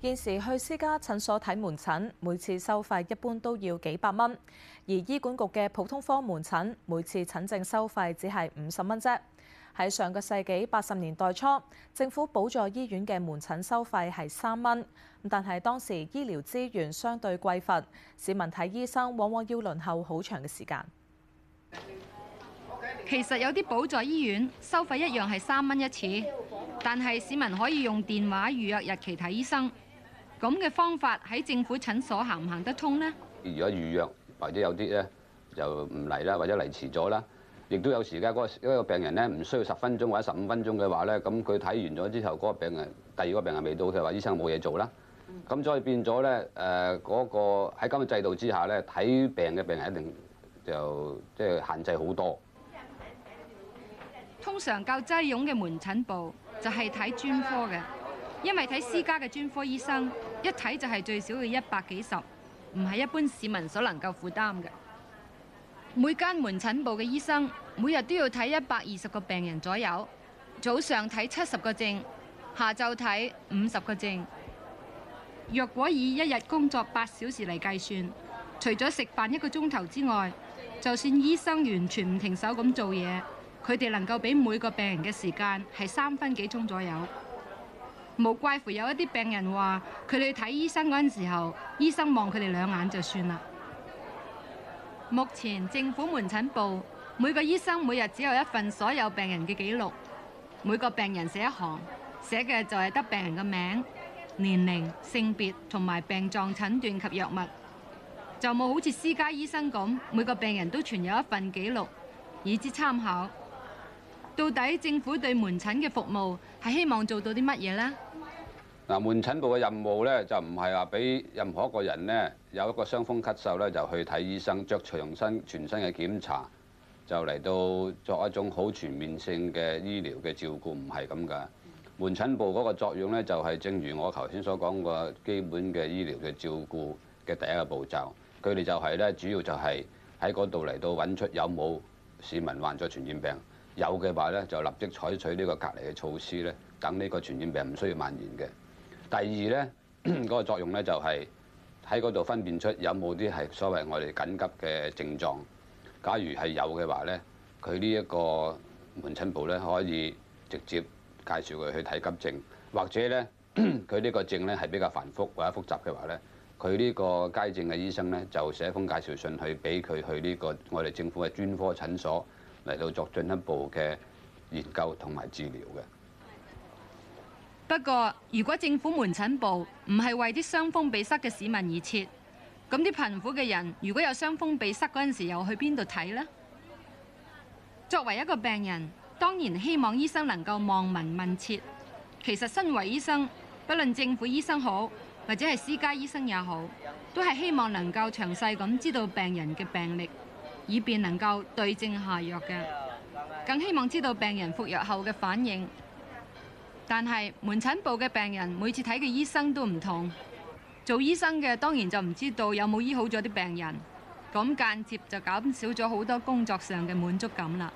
現時去私家診所睇門診，每次收費一般都要幾百蚊；而醫管局嘅普通科門診，每次診症收費只係五十蚊啫。喺上個世紀八十年代初，政府補助醫院嘅門診收費係三蚊，但係當時醫療資源相對匱乏，市民睇醫生往往要輪候好長嘅時間。其實有啲補助醫院收費一樣係三蚊一次，但係市民可以用電話預約日期睇醫生。咁嘅方法喺政府診所行唔行得通呢？如果預約或者有啲咧就唔嚟啦，或者嚟遲咗啦，亦都有時間嗰個個病人咧唔需要十分鐘或者十五分鐘嘅話咧，咁佢睇完咗之後嗰、嗰個病人第二個病人未到佢話，醫生冇嘢做啦。咁、嗯、再變咗咧嗰個喺今日制度之下咧睇病嘅病人一定就即係限制好多。通常較擠擁嘅門診部就係睇專科嘅。因為睇私家嘅專科醫生，一睇就係最少要一百幾十，唔係一般市民所能夠負擔嘅。每間門診部嘅醫生，每日都要睇一百二十個病人左右，早上睇七十個症，下晝睇五十個症。若果以一日工作八小時嚟計算，除咗食飯一個鐘頭之外，就算醫生完全唔停手咁做嘢，佢哋能夠俾每個病人嘅時間係三分幾鐘左右。無怪乎有一啲病人話，佢哋睇醫生嗰陣時候，醫生望佢哋兩眼就算啦。目前政府門診部每個醫生每日只有一份所有病人嘅記錄，每個病人寫一行，寫嘅就係得病人嘅名、年齡、性別同埋病狀、診斷及藥物，就冇好似私家醫生咁每個病人都存有一份記錄以至參考。到底政府對門診嘅服務，係希望做到啲乜嘢呢？嗱、呃，門診部嘅任務呢，就唔係話俾任何一個人呢有一個傷風咳嗽呢，就去睇醫生，著長身全身嘅檢查，就嚟到作一種好全面性嘅醫療嘅照顧，唔係咁㗎。門診部嗰個作用呢，就係、是、正如我頭先所講個基本嘅醫療嘅照顧嘅第一個步驟，佢哋就係呢，主要就係喺嗰度嚟到揾出有冇市民患咗傳染病。有嘅話咧，就立即採取呢個隔離嘅措施咧，等呢個傳染病唔需要蔓延嘅。第二咧，嗰個作用咧就係喺嗰度分辨出有冇啲係所謂我哋緊急嘅症狀。假如係有嘅話咧，佢呢一個門診部咧可以直接介紹佢去睇急症，或者咧佢呢個症咧係比較繁複或者複雜嘅話咧，佢呢個街症嘅醫生咧就寫封介紹信去俾佢去呢個我哋政府嘅專科診所。嚟到作進一步嘅研究同埋治療嘅。不過，如果政府門診部唔係為啲傷風鼻塞嘅市民而設，咁啲貧苦嘅人如果有傷風鼻塞嗰陣時，又去邊度睇呢？作為一個病人，當然希望醫生能夠望聞問切。其實，身為醫生，不論政府醫生好，或者係私家醫生也好，都係希望能夠詳細咁知道病人嘅病歷。以便能夠對症下藥嘅，更希望知道病人服藥後嘅反應。但係門診部嘅病人每次睇嘅醫生都唔同，做醫生嘅當然就唔知道有冇醫好咗啲病人，咁間接就減少咗好多工作上嘅滿足感啦。